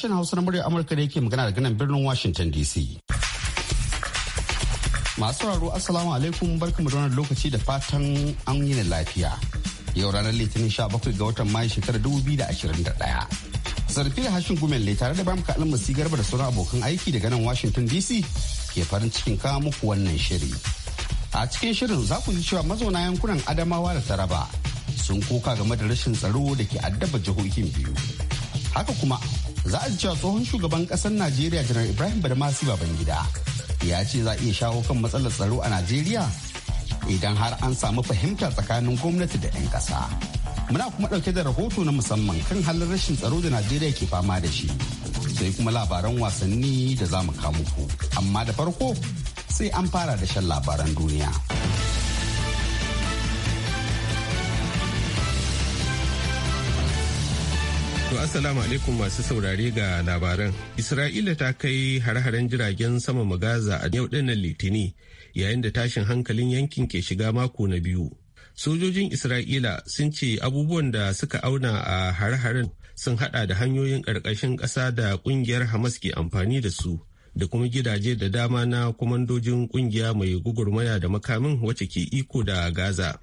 sashen hausa na murya amurka da yake magana daga nan birnin washington dc masu raro assalamu alaikum barkamu da wannan lokaci da fatan an yi lafiya yau ranar litinin sha 17 ga watan mayu shekarar 2021 zarfi da hashin gumen ne tare da bamu alin masu garba da sauran abokan aiki daga nan washington dc ke farin cikin kawo muku wannan shiri a cikin shirin za ku ji cewa mazauna yankunan adamawa da taraba sun koka game da rashin tsaro da ke addaba jihohin biyu haka kuma za a cewa tsohon shugaban kasar najeriya janar ibrahim badamasi babangida ya ce za a iya shawo kan matsalar tsaro a najeriya idan har an samu fahimta tsakanin gwamnati da 'yan kasa. muna kuma ɗauke da rahoto na musamman kan halin rashin tsaro da najeriya ke fama da shi sai kuma labaran wasanni da za mu kawo muku amma da farko sai an fara da shan labaran duniya. To Assalamu alaikum masu saurare ga labaran. Isra'ila ta kai har-haren jiragen sama magaza a yau dinnan litini yayin da tashin hankalin yankin ke shiga mako na biyu. Sojojin Isra'ila sun ce abubuwan da suka auna a har-haren sun hada da hanyoyin ƙarƙashin ƙasa da ƙungiyar Hamas ke amfani da su da kuma gidaje da dama na kwamandojin ƙungiya mai gugurmaya da makamin wacce ke iko da Gaza.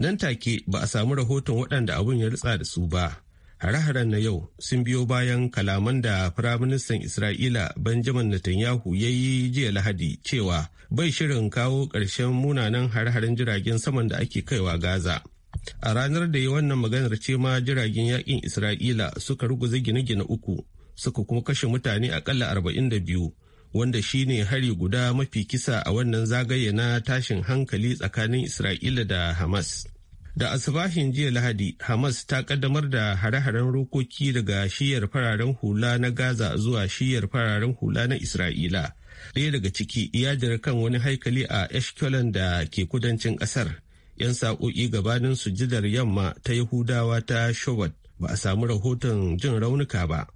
Nan take ba a samu rahoton waɗanda abun ya rutsa da su ba. Hare-haren na yau sun biyo bayan kalaman da Firaministan Isra'ila Benjamin Netanyahu ya yi jiya Lahadi cewa bai shirin kawo ƙarshen munanan hare-haren jiragen saman da ake kaiwa Gaza. A ranar da ya wannan maganar ce ma jiragen yakin Isra'ila suka ruguza gine-gine uku suka kuma kashe mutane akalla biyu. wanda shine hari guda mafi kisa a wannan zagaye na tashin hankali tsakanin Isra'ila da Hamas. Da asibahin jiya Lahadi, Hamas ta kaddamar da hare-haren rokoki daga shiyar fararen hula na Gaza zuwa shiyar fararen hula na Isra'ila. Ɗaya daga ciki ya jira kan wani haikali a Eshkelon da ke kudancin ƙasar. 'Yan sa'o'i gabanin jidar yamma ta Yahudawa ta Shobat ba a samu rahoton jin raunuka ba.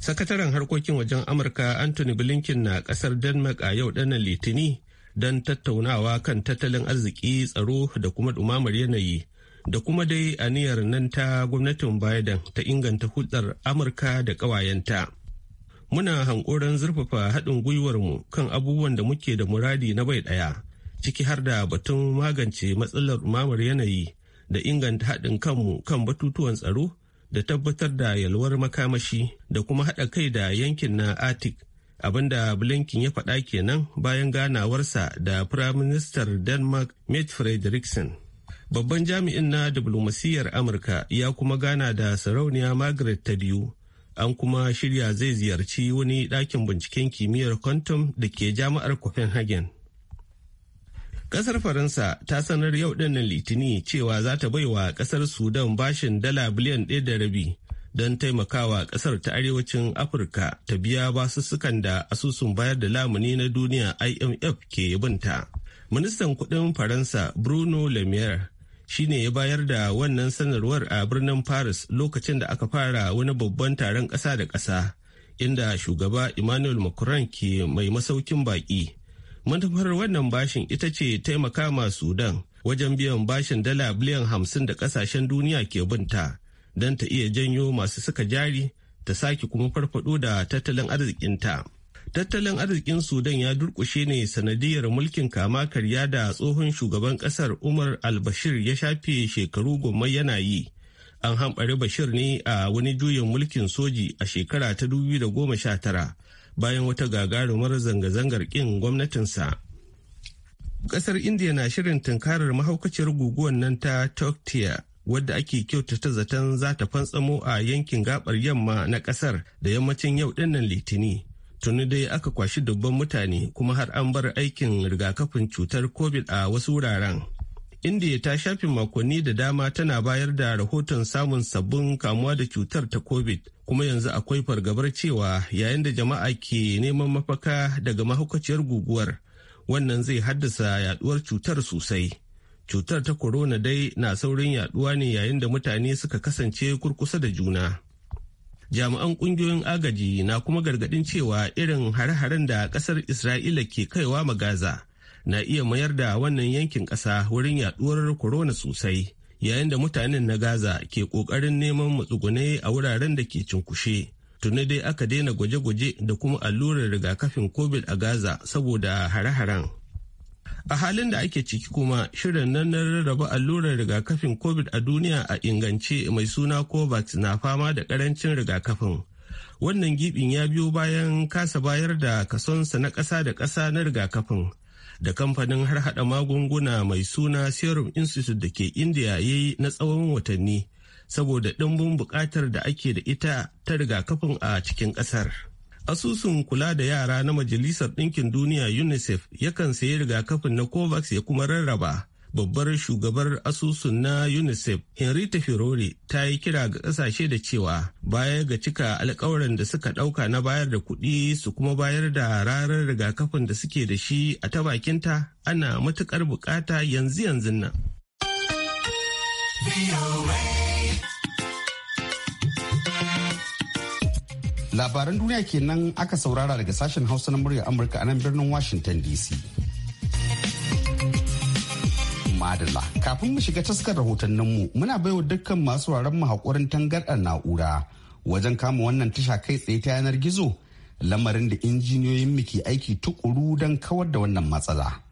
Sakataren harkokin wajen Amurka Anthony Blinken na ƙasar Denmark a yau ɗanan Litini don tattaunawa kan tattalin arziki tsaro da kuma dumamar yanayi da kuma dai aniyar nan ta gwamnatin Biden ta inganta hulɗar Amurka da ƙawayenta. Muna hankoran zurfafa haɗin gwiwar mu kan abubuwan da muke da muradi na bai ɗaya, ciki har da batun magance matsalar ɗumamar yanayi da inganta haɗin kanmu kan batutuwan tsaro da tabbatar da yalwar makamashi da kuma haɗa kai da yankin na Arctic abinda blinken ya faɗa kenan bayan ganawarsa da firaministan denmark mitt frederiksen babban jami'in na diplomasiyyar amurka ya kuma gana da sarauniya margaret ta biyu an kuma shirya zai ziyarci wani ɗakin binciken kimiyyar quantum da ke jami'ar copenhagen Ƙasar faransa ta sanar yau ɗinnan litini cewa za ta baiwa ƙasar sudan bashin dala biliyan ɗaya da rabi don taimakawa kasar ta arewacin afirka ta biya basussukan da asusun bayar da lamuni na duniya imf ke binta ministan kudin faransa bruno lemier ne ya bayar da wannan sanarwar a birnin paris lokacin da aka fara wani babban taron ƙasa da ƙasa inda shugaba emmanuel macron ke mai masaukin baƙi manufar wannan bashin ita ce taimaka ma sudan wajen biyan bashin dala biliyan hamsin da ƙasashen duniya ke binta don ta iya janyo masu suka jari ta sake kuma farfado da tattalin arzikinta. Tattalin arzikin Sudan ya durkushe ne sanadiyar mulkin kama karya da tsohon shugaban kasar Umar al-Bashir ya shafe shekaru goma yana yi. An hamɓari Bashir ne a wani juyin mulkin soji a shekara ta da goma sha tara, bayan wata gagarumar zanga-zangar ƙin gwamnatinsa. Ƙasar Indiya na shirin tunkarar mahaukaciyar guguwar nan ta Toktiya wadda ake kyautata zaton za ta fantsamo a yankin gabar yamma na kasar da yammacin yau dinnan litini tuni dai aka kwashi dubban mutane kuma har an bar aikin rigakafin cutar covid a wasu wuraren indiya ta shafe makonni da dama tana bayar da rahoton samun sabbin kamuwa da cutar ta covid kuma yanzu akwai fargabar cewa yayin da jama'a ke neman mafaka daga mahaukaciyar guguwar wannan zai haddasa yaduwar cutar sosai Cutar ta korona dai na saurin yaduwa ne yayin da mutane suka kasance kurkusa da juna. Jami'an kungiyoyin agaji na kuma gargadin cewa irin hare-haren da kasar Isra'ila ke kaiwa ma Gaza na iya mayar da wannan yankin ƙasa wurin yaduwar korona sosai. Yayin da mutanen na Gaza ke ƙoƙarin neman matsugunai a wuraren da ke cinkushe. tuni dai aka daina gwaje-gwaje da kuma allurar rigakafin covid a gaza saboda hare-haren a halin da ake ciki kuma shirin nan na rarraba allurar rigakafin covid a duniya a ingance mai suna covax na fama da karancin rigakafin wannan gibin ya biyo bayan kasa bayar da kasonsa na ƙasa da ƙasa na rigakafin da kamfanin har hada magunguna mai suna serum institute da ke Indiya ya yi na tsawon watanni saboda ɗimbin buƙatar da ake da ita ta rigakafin a cikin ƙasar. Asusun kula da yara na Majalisar Ɗinkin Duniya UNICEF yakan sayi rigakafin na COVAX ya kuma rarraba. Babbar shugabar asusun na UNICEF, Henry Firore, ta yi kira ga ƙasashe da cewa baya ga cika alkawarin da suka ɗauka na bayar da kuɗi su kuma bayar da rarar rigakafin da suke da shi a ta bakinta ana matuƙar buƙata yanzu yanzu nan. labaran duniya kenan aka saurara daga sashen hausa na murya amurka a nan birnin washington dc madalla kafin mu shiga taskar rahotanninmu muna baiwa dukkan masu mu haƙurin tangarɗar na'ura wajen kama wannan tasha kai tsaye ta yanar gizo lamarin da injiniyoyin mu ke aiki tukuru don kawar da wannan matsala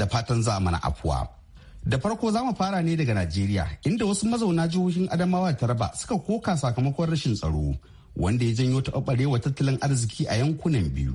da fatan za mana afuwa da farko za mu fara ne daga najeriya inda wasu mazauna jihohin adamawa da taraba suka koka sakamakon rashin tsaro wanda ya janyo wa tattalin arziki a yankunan biyu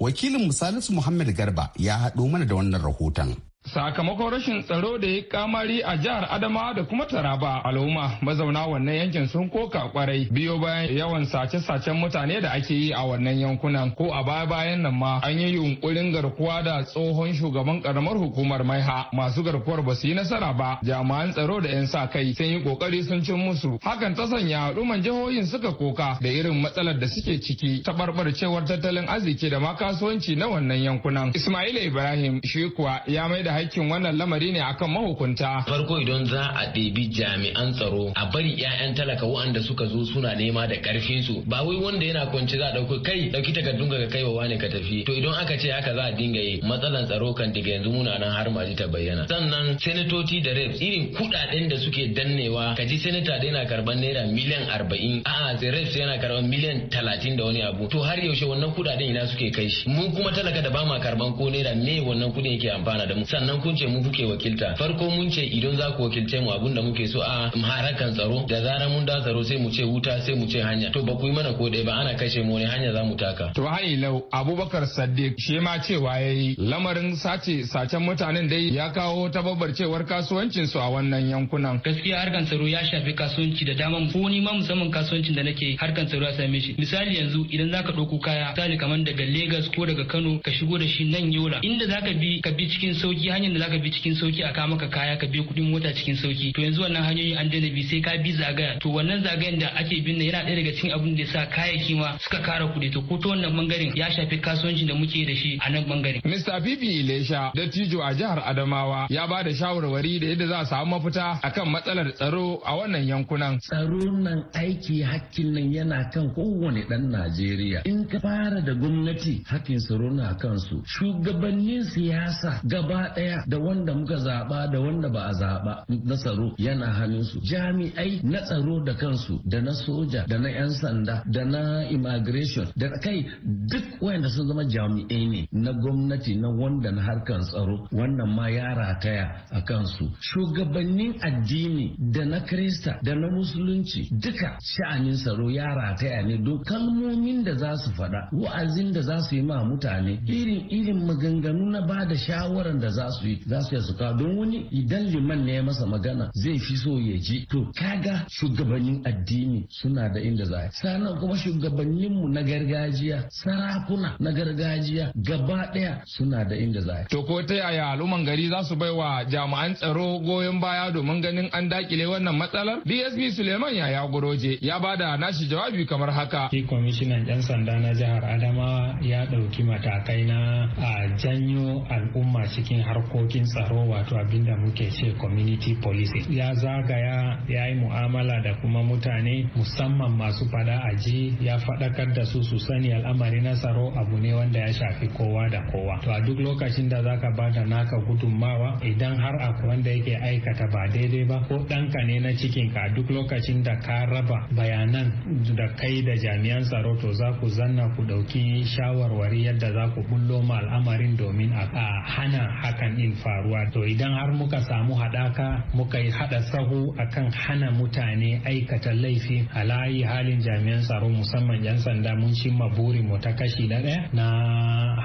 wakilin misalisu muhammad garba ya haɗo mana da wannan rahoton sakamakon rashin tsaro da ya kamari a jihar adama da kuma taraba al'umma mazauna wannan yankin sun koka kwarai biyo bayan yawan sace-sacen mutane da ake yi a wannan yankunan ko a baya-bayan nan ma an yi yunkurin garkuwa da tsohon shugaban karamar hukumar maiha masu garkuwar ba su yi nasara ba jami'an tsaro da 'yan sa kai sun yi kokari sun cin musu hakan ta sanya al'umman jihohin suka koka da irin matsalar da suke ciki ta barbarcewar tattalin arziki da ma kasuwanci na wannan yankunan Isma'il ibrahim shi kuwa ya mai da hakkin wannan lamari ne akan mahukunta. Farko idan za a ɗebi jami'an tsaro a bari 'ya'yan talaka waɗanda suka zo suna nema da ƙarfin su ba wai wanda yana kwance za a ɗauki kai ɗauki takardun ka kai wa wani ka tafi to idan aka ce haka za a dinga yi matsalan tsaro kan daga yanzu muna nan har ji ta bayyana. Sannan senatoci da reps irin kuɗaɗen da suke dannewa ka ji senata da yana karɓar naira miliyan arba'in a'a sai reps yana karɓar miliyan talatin da wani abu to har yaushe wannan kuɗaɗen ina suke kai shi mu kuma talaka da ba ma karɓan ko naira me wannan kuɗin yake amfana da mu sannan kun ce mu kuke wakilta farko mun ce idan za ku wakilce mu abinda muke so a harakan tsaro da zarar mun da tsaro sai mu ce wuta sai mu ce hanya to ba ku yi mana ko ɗaya ba ana kashe mu ne hanya za mu taka to hayi lau abubakar sadiq shi ma cewa yayi lamarin sace sacen mutanen dai ya kawo ta babbar cewar kasuwancin su a wannan yankunan gaskiya harkan tsaro ya shafi kasuwanci da dama ko ni ma musamman kasuwancin da nake harkan tsaro ya same shi misali yanzu idan zaka ɗauko kaya misali kamar daga Legas ko daga Kano ka shigo da shi nan Yola inda zaka bi ka bi cikin sauki hanyar da zaka bi cikin sauki a kawo maka kaya ka biya kuɗin mota cikin sauki to yanzu wannan hanyoyi an daina bi sai ka bi zagaya to wannan zagayen da ake bin yana ɗaya daga cikin abin da ya sa kayayyaki ma suka kara kuɗi to ko ta wannan bangaren ya shafi kasuwancin da muke da shi a nan bangaren. Mr. Fifi Ilesha dattijo a jihar Adamawa ya ba da shawarwari da yadda za a samu mafita a kan matsalar tsaro a wannan yankunan. Tsaro nan aiki hakkin nan yana kan kowane ɗan Najeriya. In ka fara da gwamnati hakkin tsaro na kansu. Shugabannin siyasa gaba ɗaya da wanda muka zaɓa da wanda ba a zaɓa na tsaro yana hannunsu jami'ai na tsaro da kansu da na soja da na 'yan sanda da na immigration da kai duk wayanda sun zama jami'ai ne na gwamnati na wanda na harkar tsaro wannan ma ya rataya a kansu shugabannin addini da na krista da na musulunci duka sha'anin tsaro ya rataya ne don kalmomin da za su faɗa wa'azin da za su yi ma mutane irin irin maganganu na ba da shawaran da za za su yi za su su don wani idan liman ne ya masa magana zai fi so ya ji to kaga shugabannin addini suna da inda za a sannan kuma shugabanninmu na gargajiya sarakuna na gargajiya gaba ɗaya suna da inda za a to ko ta yaya al'umman gari za su bai wa jami'an tsaro goyon baya domin ganin an dakile wannan matsalar dsp suleiman yaya goroje ya bada nashi jawabi kamar haka shi kwamishinan yan sanda na jihar adamawa ya dauki matakai na a janyo al'umma cikin har harkokin tsaro wato abinda muke ce community policing ya zagaya ya yi mu'amala da kuma mutane musamman masu fada aji ya faɗakar da su su sani al'amari na tsaro abu ne wanda ya shafi kowa da kowa to a duk lokacin da zaka ba da naka gudunmawa idan har aku wanda yake aikata ba daidai ba ko ɗanka ne na cikin ka duk lokacin da ka raba bayanan da kai da jami'an tsaro to za ku zanna ku ɗauki shawarwari yadda za ku bullo ma al'amarin domin a hana haka hakan din faruwa to idan har muka samu haɗaka muka yi haɗa sahu akan hana mutane aikata laifi a layi halin jami'an tsaro musamman 'yan sanda mun maburi mu ta kashi na ɗaya na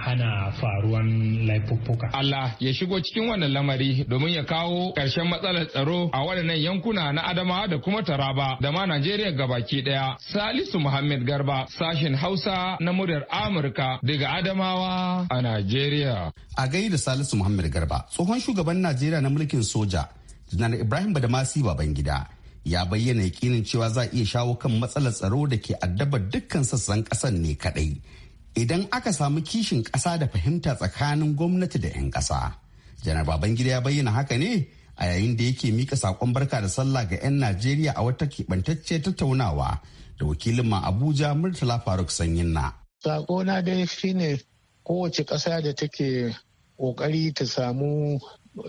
hana faruwan laifuffuka. Allah ya shigo cikin wannan lamari domin ya kawo ƙarshen matsalar tsaro a waɗannan yankuna na Adamawa da kuma Taraba da ma Najeriya gabaki ɗaya. Salisu Muhammad Garba sashen Hausa na muryar Amurka daga Adamawa a Najeriya. A gaida Salisu Muhammad Garba tsohon shugaban Najeriya na mulkin soja janar Ibrahim Badamasi Babangida ya bayyana yakinin cewa za a iya shawo kan matsalar tsaro da ke addabar dukkan sassan ƙasar ne kadai idan aka samu kishin ƙasa da fahimta tsakanin gwamnati da 'yan ƙasa. Janar Babangida ya bayyana haka ne a yayin da yake mika saƙon barka da sallah ga 'yan Najeriya a wata keɓantacce tattaunawa da wakilin ma Abuja Murtala Faruk Sanyin na. dai shine kowace ƙasa da take ƙoƙari ta samu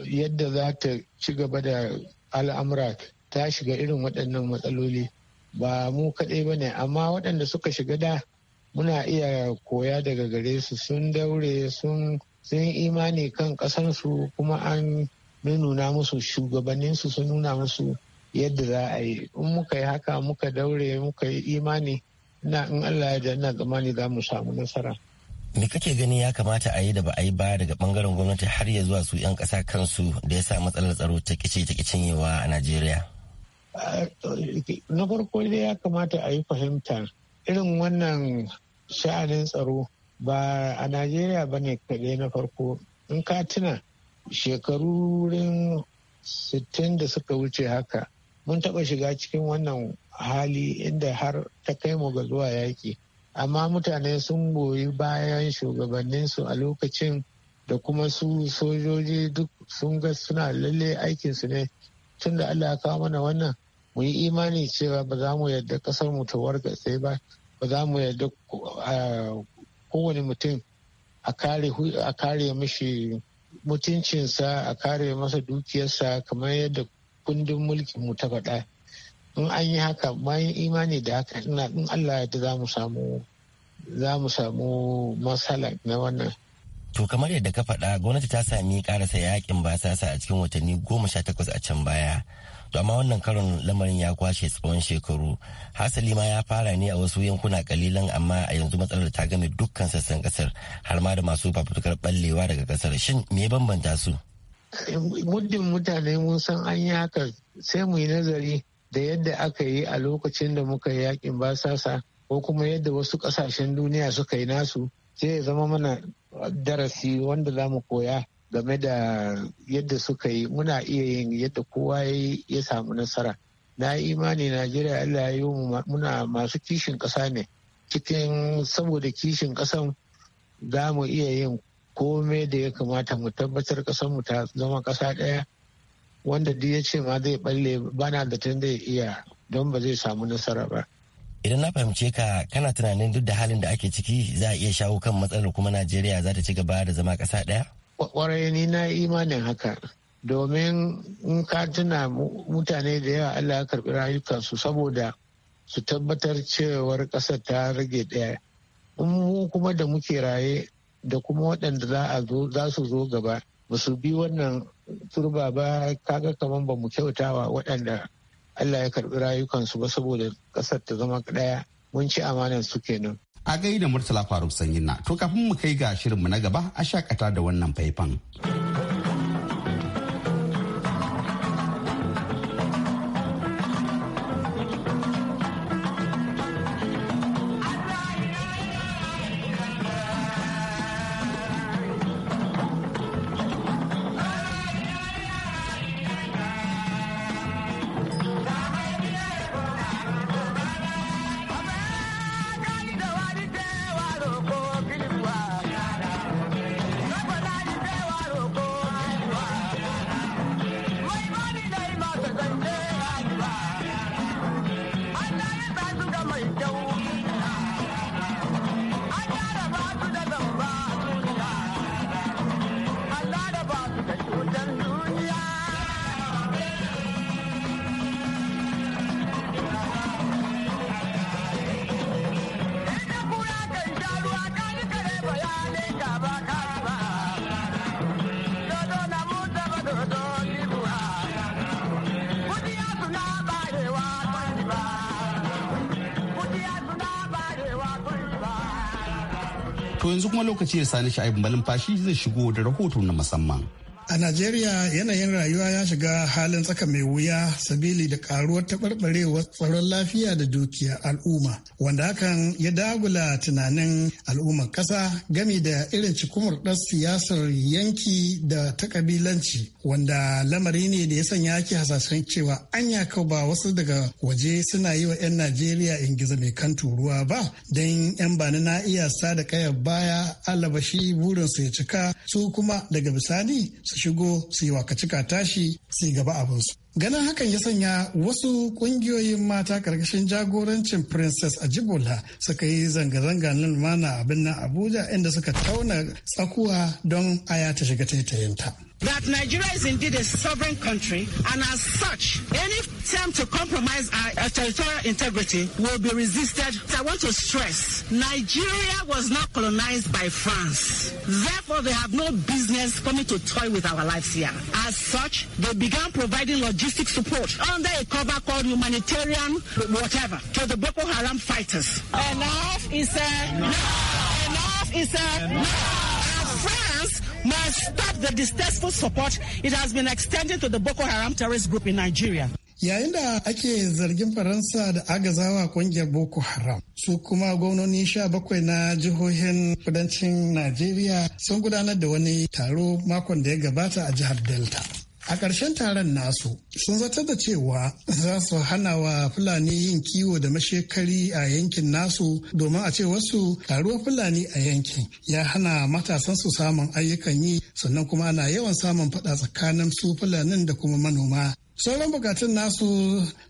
yadda za ta ci gaba da al'amura ta shiga irin waɗannan matsaloli ba mu kaɗai ba ne amma waɗanda suka shiga da muna iya koya daga gare su sun daure sun imani kan ƙasansu kuma an nuna musu shugabanninsu sun nuna musu yadda za a yi in muka yi haka muka daure muka yi imani ina in allah ya janna ne za mu samu nasara me kake gani ya kamata a yi da ba a yi ba daga bangaren gwamnati har ya zuwa su 'yan kasa kansu da ya sa matsalar tsaro ta kice ta yawa a najeriya na farko dai ya kamata a yi fahimtar irin wannan sha'anin tsaro ba a najeriya ba ne kaɗai na farko in ka tuna shekarurin sittin da suka wuce haka mun taɓa shiga cikin wannan hali inda har ta kai mu ga zuwa yaki. amma mutane sun goyi bayan shugabanninsu a lokacin da kuma su sojoji duk sun ga suna lalle aikinsu ne tun da allah kawo mana wannan mu yi imani cewa ba za mu yarda kasar mu ta wargatse ba ba za mu yarda kowane mutum a kare mashi mutuncinsa a kare masa dukiyarsa kamar yadda kundin mulkin mu ta faɗa in an yi haka bayan imani da haka ina in allah ya za mu samu za mu samu matsala na wannan to kamar yadda ka faɗa gwamnati ta sami karasa yakin basasa a cikin watanni goma sha takwas a can baya to amma wannan karon lamarin ya kwashe tsawon shekaru hasali ma ya fara ne a wasu yankuna kalilan amma a yanzu matsalar ta game dukkan sassan kasar har ma da masu fafutukar ballewa daga kasar shin me bambanta su muddin mutane mun san an yi haka sai mu yi nazari da yadda aka yi a lokacin da muka yi yakin basasa ko kuma yadda wasu kasashen duniya suka yi nasu sai ya zama mana darasi wanda za mu koya game da yadda suka yi muna iya yin yadda kowa ya samu nasara na imani najeriya allah ya yi muna masu kishin ƙasa ne cikin saboda kishin ƙasan za mu iya yin komai da ya kamata mu tabbatar mu ta zama ƙasa ɗaya wanda duk ya ce ma zai balle bana da tun zai iya don ba zai samu nasara ba idan na fahimce ka kana tunanin duk da halin da ake ciki za a iya shawo kan matsalar kuma najeriya za ta ci gaba da zama ƙasa ɗaya ƙwarai ni na imanin haka domin in ka tuna mutane da yawa allah ya karɓi rayukansu saboda su tabbatar cewar ƙasar ta rage ɗaya in mu kuma da muke raye da kuma waɗanda za su zo gaba ba su bi wannan turba ba kaga kaman ba mu kyautawa waɗanda Allah ya karɓi rayukansu ba saboda ƙasar ta zama ɗaya mun ci amanan su kenan. A gaida Murtala Faruk Sanyin na to kafin mu kai ga shirinmu na gaba a shakata da wannan faifan. yanzu kuma lokaci ya sani sha'ibu fashi zai shigo da rahoto na musamman. A Najeriya yanayin rayuwa ya shiga halin tsaka mai wuya sabili da karuwar taɓarɓarewar tsaron lafiya da dukiya al'umma wanda hakan ya dagula tunanin al'ummar ƙasa gami da irin cikumar ɗan siyasar yanki da ta kabilanci wanda lamari ne da ya sanya ake hasashen cewa anyaka kau ba wasu daga waje suna yi wa 'yan najeriya ingiza mai kan turuwa ba don 'yan bani na iya sa da kayar baya alabashi burinsu ya cika su kuma daga bisani su shigo su yi waka cika tashi su gaba abinsu ganin hakan ya sanya wasu kungiyoyin mata karkashin jagorancin princess ajibola suka yi zanga-zanga nan mana abin nan abuja inda suka tauna tsakuwa don aya ta shiga taitayinta. that Nigeria is indeed a sovereign country, and as such, any attempt to compromise our territorial integrity will be resisted. I want to stress Nigeria was not colonized by France. Therefore, they have no business coming to toy with our lives here. As such, they began providing logistic support under a cover called humanitarian whatever to the Boko Haram fighters. Enough is said. Enough is enough. must stop the distasteful support it has been extended to the Boko Haram terrorist group in Nigeria. Yayin da ake zargin Faransa da agazawa kungiyar Boko Haram, su kuma gwamnoni sha bakwai na jihohin kudancin Najeriya sun gudanar da wani taro makon da ya gabata a jihar Delta. A ƙarshen taron nasu sun zata da cewa za su hana wa Fulani yin kiwo da mashekari a yankin nasu domin a ce wasu karuwar Fulani a yankin ya hana matasan su samun ayyukan yi sannan kuma ana yawan samun faɗa tsakanin su Fulanin da kuma manoma Sauran bukatun nasu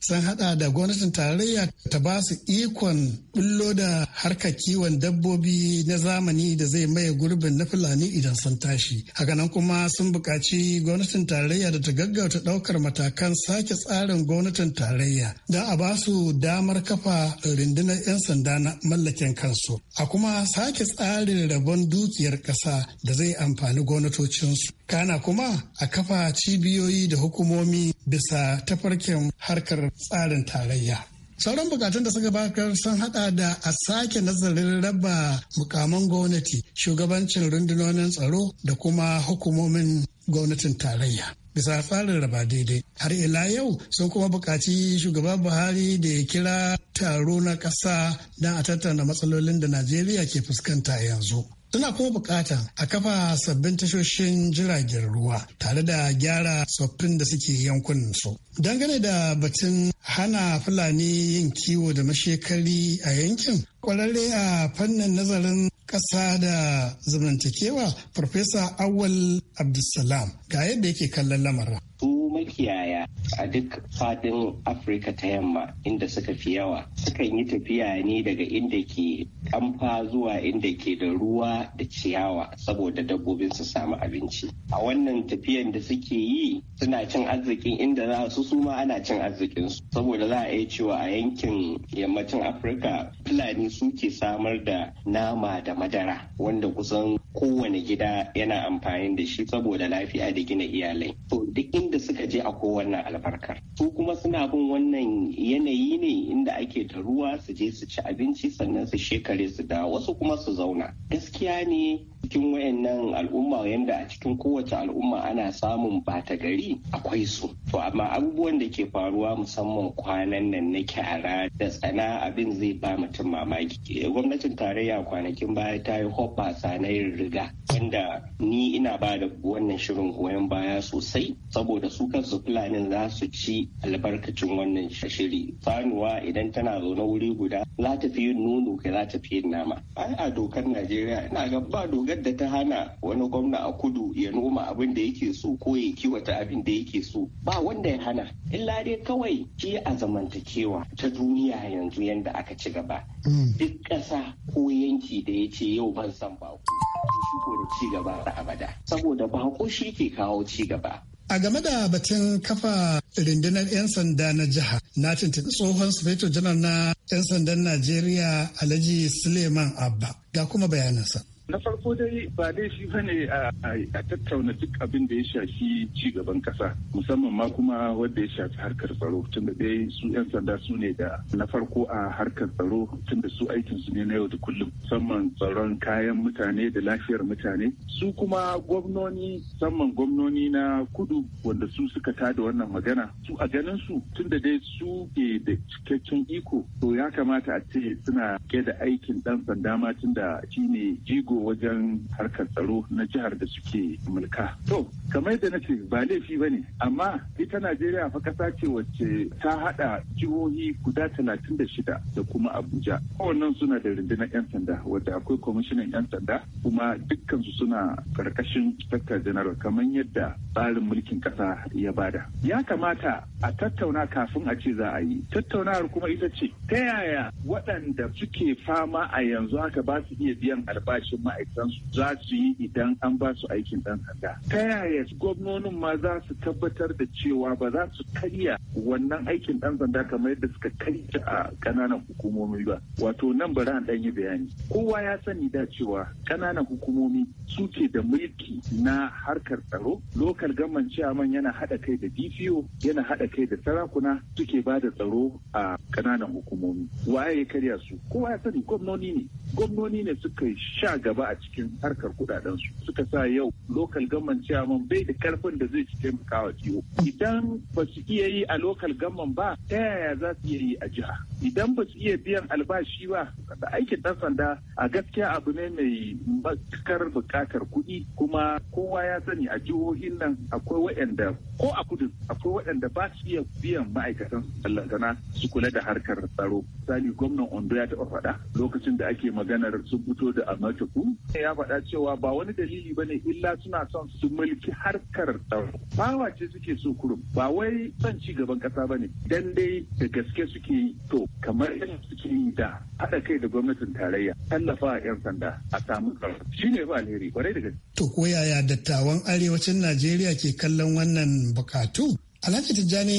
sun hada da gwamnatin tarayya ta ba su ikon bullo da harkar kiwon dabbobi na zamani da zai maye gurbin na Fulani idan sun tashi. nan kuma sun bukaci gwamnatin tarayya da ta gaggauta ɗaukar matakan sake tsarin gwamnatin tarayya don a ba su damar kafa rundunar 'yan sanda na mallakin kansu. A kuma sake tsarin rabon dukiyar ƙasa da zai amfani gwamnatocinsu. Kana kuma a kafa cibiyoyi da hukumomi bisa tafarkin harkar tsarin tarayya. sauran bukatun da suka baka sun hada da a sake nazarin raba mukaman gwamnati shugabancin rundunonin tsaro da kuma hukumomin gwamnatin tarayya bisa tsarin raba daidai har ila yau sun kuma bukaci shugaban buhari da ya kira taro na ƙasa don a tattauna matsalolin da najeriya ke fuskanta yanzu Tana kuma bukata a kafa sabbin tashoshin jiragen ruwa tare da gyara tsoffin da suke yankunan su. Dangane da batun hana Fulani yin kiwo da mashekari a yankin, kwararre a fannin nazarin ƙasa da zamantakewa Farfesa Awal Abdulsalam ga yadda yake kallon lamarin. su makiyaya a duk fadin afirka ta yamma inda suka fi yawa sukan yi tafiya ne daga inda ke kamfa zuwa inda ke da ruwa da ciyawa saboda dabbobin su samu abinci a wannan tafiyan da suke yi suna cin arzikin inda za su su ma ana cin arzikin su saboda za a iya cewa a yankin yammacin afirka fulani suke samar da nama da madara wanda kusan kowane gida yana amfani da shi saboda lafiya da gina iyalai to duk inda suka je a kowanne albarkar su kuma suna bin wannan yanayi ne inda ake da ruwa su je su ci abinci sannan su shekare su da wasu kuma su zauna gaskiya ne cikin wayannan al'umma yadda a cikin kowace al'umma ana samun bata gari akwai su to amma abubuwan da ke faruwa musamman kwanan nan na kyara da tsana abin zai ba mutum mamaki eh, gwamnatin tarayya kwanakin baya ta yi hoppa na riga wanda ni ina ba da wannan shirin goyon baya sosai saboda su kansu fulanin za su ci albarkacin wannan shiri sanuwa idan tana zaune wuri guda za ta fi yin nono kai za ta fi yin nama ai a dokar najeriya ina ga ba dogar da ta hana wani gwamna a kudu ya noma abin da yake so ko ya kiwata abin da yake so ba wanda ya hana illa dai kawai ki a zamantakewa ta duniya yanzu yanda aka ci gaba mm. duk ƙasa ko yanki da ya ce yau ban san bako shi ko da ci gaba abada saboda bako shi ke kawo ci gaba A game da batun kafa rundunar 'yan sanda na jiha, na tuntun tsohon sufeto janar na 'yan sandan Najeriya Alhaji Suleiman Abba ga kuma bayanansa. na farko dai ba dai shi ne a tattauna duk abin da ya shafi ci gaban kasa musamman ma kuma wanda ya shafi harkar tsaro da dai su yan sanda su ne da na farko a harkar tsaro tunda su aikin su ne na yau da kullum musamman tsaron kayan mutane da lafiyar mutane su kuma gwamnoni musamman gwamnoni na kudu wanda su suka tada wannan magana su a ganin su tunda dai su ke da cikakken iko to ya kamata a ce suna ke da aikin dan sanda ma tun da shine jigo wajen harkar tsaro na jihar da suke mulka. To, kamar da na ce ba laifi ba ne, amma ita Najeriya fa kasa ce wacce ta haɗa jihohi guda talatin da shida da kuma Abuja. kowannan suna da rundunar 'yan sanda wadda akwai kwamishinan 'yan sanda kuma dukkansu suna karkashin Inspector General kamar yadda tsarin mulkin ƙasa ya bada. Ya kamata a tattauna kafin a ce za a yi. Tattaunawar kuma ita ce ta yaya waɗanda suke fama a yanzu haka ba su iya biyan albashin ma'aikatansu za su yi idan an ba su aikin ɗan sanda ta yaya gwamnonin ma za su tabbatar da cewa ba za su karya wannan aikin ɗan sanda kamar yadda suka karya a ƙananan hukumomi ba wato nan bari an ɗan yi bayani kowa ya sani da cewa ƙananan hukumomi su ke da mulki na harkar tsaro lokal gaman ciyaman yana haɗa kai da dpo yana haɗa kai da sarakuna suke ba da tsaro a kananan hukumomi waye ya karya su kowa ya sani gwamnoni ne gwamnoni ne suka sha gaba a cikin harkar kudaden su suka sa yau lokal government chairman bai da karfin da zai taimaka wa jiho idan ba su iya yi a lokal government ba ta yaya za su iya yi a jiha idan ba su iya biyan albashi ba da aikin ɗan sanda a gaskiya abu ne mai matukar buƙatar kuɗi kuma kowa ya sani a jihohin nan akwai waɗanda ko a kudu akwai waɗanda ba su iya biyan ma'aikatan sallantana su kula da harkar tsaro misali gwamnan ondo ya taɓa faɗa lokacin da ake maganar sun fito da amatuku ya faɗa cewa ba wani dalili ba ne illa suna son su mulki harkar tsaro bawa ce suke so kurum ba wai son ci gaban ƙasa ba ne dan dai da gaske suke yi to kamar yadda suke yi da haɗa kai da gwamnatin tarayya tallafa a 'yan sanda a samu tsaro shi ne ba alheri kwarai da gaske. To ko yaya dattawan arewacin Najeriya ke kallon wannan bukatu? Alhaji Tijjani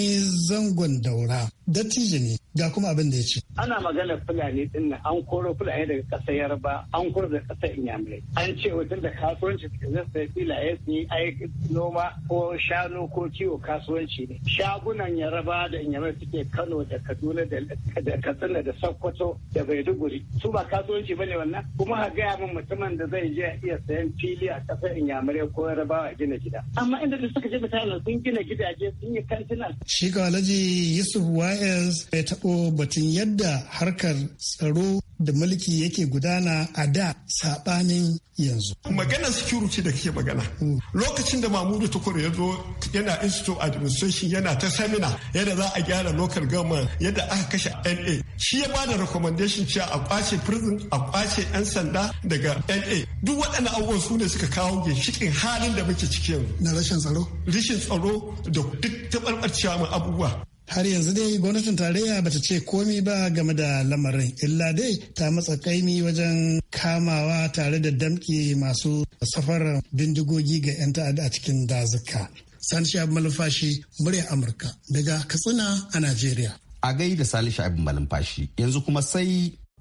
zangon daura dattijo ne ga kuma abin da ya ce. Ana magana Fulani din nan an koro Fulani daga ƙasar Yarba an koro daga ƙasar Inyamurai. An ce wajen da kasuwanci suke zai sai filaye su yi aiki noma ko shanu ko kiwo kasuwanci ne. Shagunan Yarba da Inyamurai suke Kano da Kaduna da Katsina da Sokoto da Maiduguri. Su ba kasuwanci ba ne wannan kuma a gaya min mutumin da zai je iya sayan fili a ƙasar Inyamurai ko Yarbawa gina gida. Amma inda da suka je mutane sun gina gidaje sun sanya kantuna. Shi Alhaji Yusuf Wa'ez bai taɓo batun yadda harkar tsaro da mulki yake gudana a da saɓanin yanzu. Maganar security da kake magana. Mm. Lokacin da Mamudu Tukur ya zo yana Institute Administration yana ta semina yadda za a gyara local government yadda aka kashe NA. Shi ya bada recommendation cewa a kwace prison a kwace 'yan sanda daga NA. Duk waɗannan abubuwan su ne suka kawo ginshikin halin da muke ciki yanzu. Na rashin tsaro? Rashin tsaro da duk taɓarɓarcewa abubuwa. har yanzu dai gwamnatin tarayya bata ce komi ba game da lamarin illa dai ta matsa kaimi wajen kamawa tare da damki masu safarar bindigogi ga 'yan ta'adda a cikin dazuka salisu abu malumfashi murya amurka daga katsina a najeriya a gaida salisu abu malumfashi yanzu kuma sai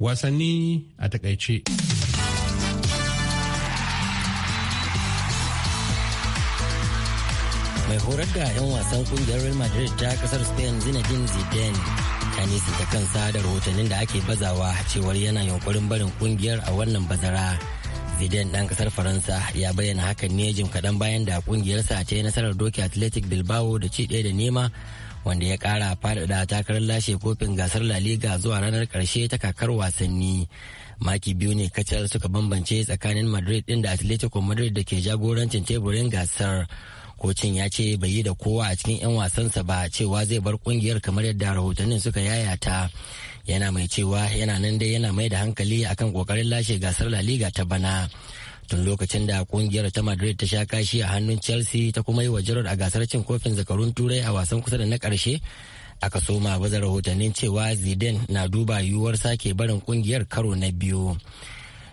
wasanni a takaice mai horar da 'yan wasan kungiyar real madrid ta kasar spain zinedine zidane ta kan sadar da rahotannin da ake bazawa cewar yana yunkurin barin kungiyar a wannan bazara zidane dan kasar faransa ya bayyana hakan ne jim kaɗan bayan da kungiyarsa ta yi nasarar doki athletic bilbao da ci ɗaya da nema wanda ya kara faɗaɗa takarar lashe kofin gasar la liga zuwa ranar ƙarshe ta kakar wasanni maki biyu ne kacal suka bambance tsakanin madrid din da atletico madrid da ke jagorancin teburin gasar kocin ya ce bai yi da kowa a cikin 'yan wasansa ba cewa zai bar kungiyar kamar yadda rahotannin suka yayata yana mai cewa yana nan dai yana mai da hankali akan kokarin lashe gasar la liga ta bana tun lokacin da kungiyar ta madrid ta sha kashi a hannun chelsea ta kuma yi wa gerard a gasar cin kofin zakarun turai a wasan kusa da na karshe aka soma bazar rahotannin cewa zidane na duba yiwuwar sake barin kungiyar karo na biyu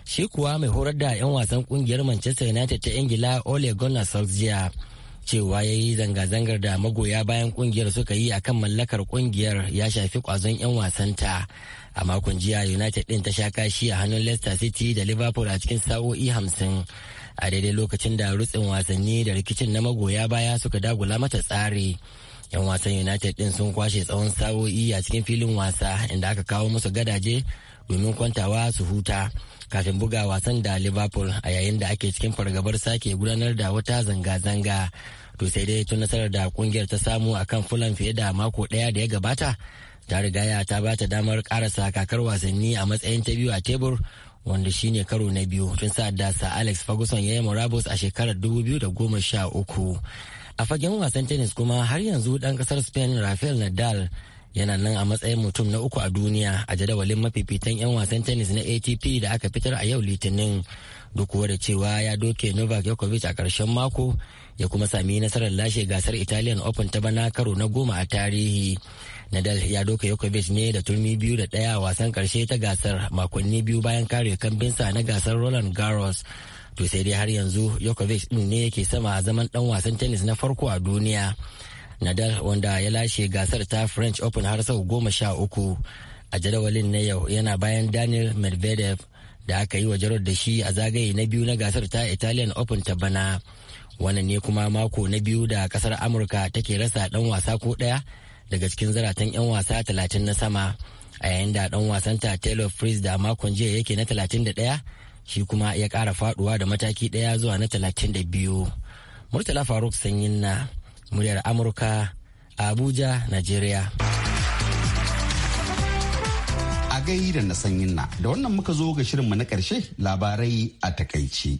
shi kuwa mai horar da 'yan wasan kungiyar manchester united ta ingila ole gunnar solskjaer cewa ya yi zanga-zangar da magoya bayan kungiyar suka yi akan mallakar kungiyar ya shafi kwazon 'yan wasanta a makon jiya united din ta sha kashi a hannun leicester city da liverpool a cikin sa'o'i hamsin a daidai lokacin da rutsin wasanni da rikicin na magoya baya suka dagula mata tsari yan wasan united din sun kwashe tsawon sa'o'i a cikin filin wasa inda aka kawo musu gadaje domin kwantawa su huta kafin buga wasan da liverpool a yayin da ake cikin fargabar sake gudanar da wata zanga-zanga to sai dai tun nasarar da kungiyar ta samu a kan fulan fiye da mako daya da ya gabata ta rigaya ta bata ta damar karasa kakar wasanni a matsayin ta biyu a tebur wanda shine karo na biyu tun sa da sa alex ferguson ya yi murabus a shekarar 2013 a fagen wasan tennis kuma har yanzu dan kasar spain rafael nadal yana nan a matsayin mutum na uku a duniya a jadawalin mafifitan 'yan wasan tennis na atp da aka fitar a yau litinin duk da cewa ya doke novak djokovic a karshen mako ya kuma sami nasarar lashe gasar italian open ta bana karo na goma a tarihi nadal ya doke djokovic ne da turmi biyu da ɗaya wasan karshe ta gasar makonni biyu bayan kare kambinsa na gasar roland garros to sai dai har yanzu djokovic ɗin ne yake sama a zaman dan wasan tennis na farko a duniya nadal wanda ya lashe gasar ta french open har sau goma sha uku a jadawalin na yau yana bayan daniel medvedev da aka yi wa jarar da shi a zagaye na biyu na gasar ta italian open ta bana wannan ne kuma mako na biyu da kasar amurka take rasa dan wasa ko daya daga cikin zaratan 'yan wasa talatin na sama a yayin da dan ta taylor fritz da makon jiya yake na talatin da daya shi kuma ya kara faduwa da mataki daya zuwa na talatin da biyu, murtala faruk sanyin na muryar Amurka Abuja, Najeriya. A gai da na sanyin na, da wannan muka zo ga shirinmu na karshe labarai a takaici.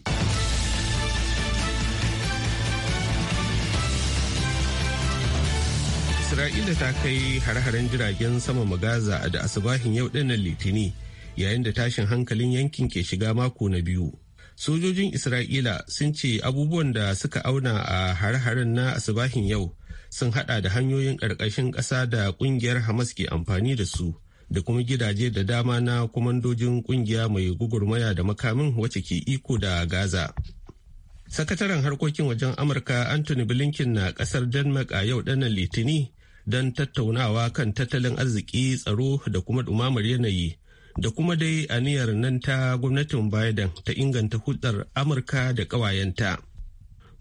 Isra'ila ta kai har-haren jiragen sama magaza da asibahin yau ɗinnan Litini yayin da tashin hankalin yankin ke shiga mako na biyu. sojojin isra'ila sun ce abubuwan da suka auna a hare-haren na asibahin yau sun hada da hanyoyin ƙarƙashin ƙasa da ƙungiyar hamas ke amfani da su da kuma gidaje da dama na kwamandojin ƙungiya mai gugurmaya da makamin wacce ke iko da gaza sakataren harkokin wajen amurka anthony blinken na ƙasar denmark a yau ɗanan litini don tattaunawa kan tattalin arziki tsaro da kuma ɗumamar yanayi da kuma dai aniyar nan ta gwamnatin Biden ta inganta hulɗar Amurka da ƙawayenta.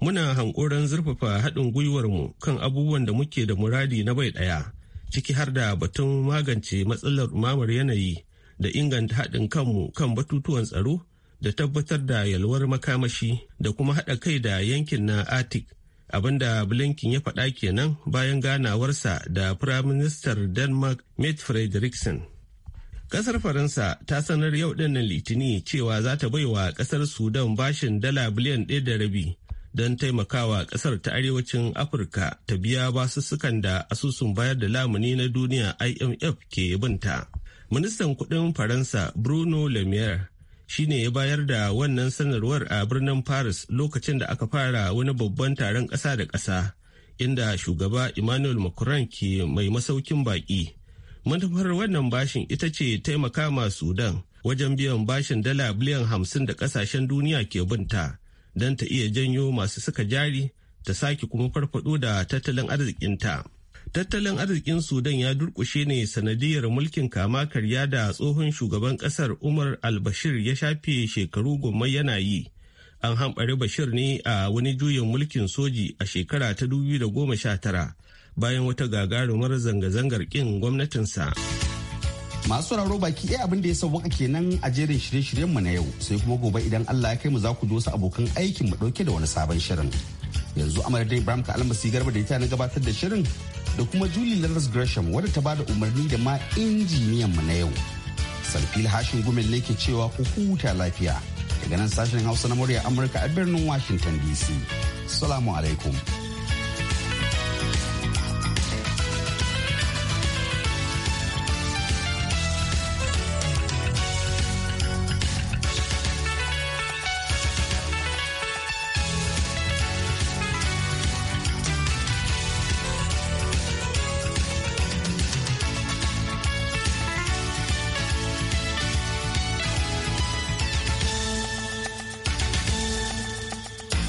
Muna hankoran zurfafa haɗin gwiwar mu kan abubuwan da muke da muradi na bai ɗaya, ciki har da batun magance matsalar umamar yanayi da inganta haɗin kanmu kan batutuwan tsaro da tabbatar da yalwar makamashi da kuma haɗa kai da yankin na Arctic. abinda blinken ya faɗa kenan bayan ganawarsa da firaministar denmark mette frederiksen Kasar Faransa ta sanar yau dinnan Litini cewa za ta bai wa kasar Sudan bashin dala biliyan ɗaya da rabi don taimakawa kasar ta arewacin Afirka ta biya basussukan da asusun bayar da lamuni na duniya IMF ke binta. Ministan Kuɗin Faransa Bruno Lemier shi ne ya bayar da wannan sanarwar a birnin Paris lokacin da aka fara wani babban taron ƙasa da ƙasa inda shugaba Emmanuel Macron ke mai masaukin baƙi. manufar wannan bashin ita ce taimaka ma sudan wajen biyan bashin dala biliyan hamsin da kasashen duniya ke binta don ta iya janyo masu suka jari ta sake kuma farfado da tattalin arzikinta. tattalin arzikin sudan ya durkushe ne sanadiyar mulkin kama karya da tsohon shugaban kasar umar al-bashir ya shafe shekaru goma yana yi an hambari bashir ne a wani juyin mulkin soji a shekara ta 2019 bayan wata gagarumar zanga-zangar ƙin gwamnatinsa. Masu sauraro baki ɗaya abin da ya sauwaka nan a jerin shirye-shiryenmu na yau sai kuma gobe idan Allah ya kai mu za ku dosa abokan aikin mu ɗauke da wani sabon shirin. Yanzu Amadu da Ibrahim ka almasi garba da ita na gabatar da shirin da kuma Julie Lars Gresham wadda ta bada umarni da ma injiniyan mu na yau. Sarfil Hashin Gumel ne ke cewa ku huta lafiya daga nan sashen Hausa na murya Amurka a birnin Washington DC. Salamu alaikum.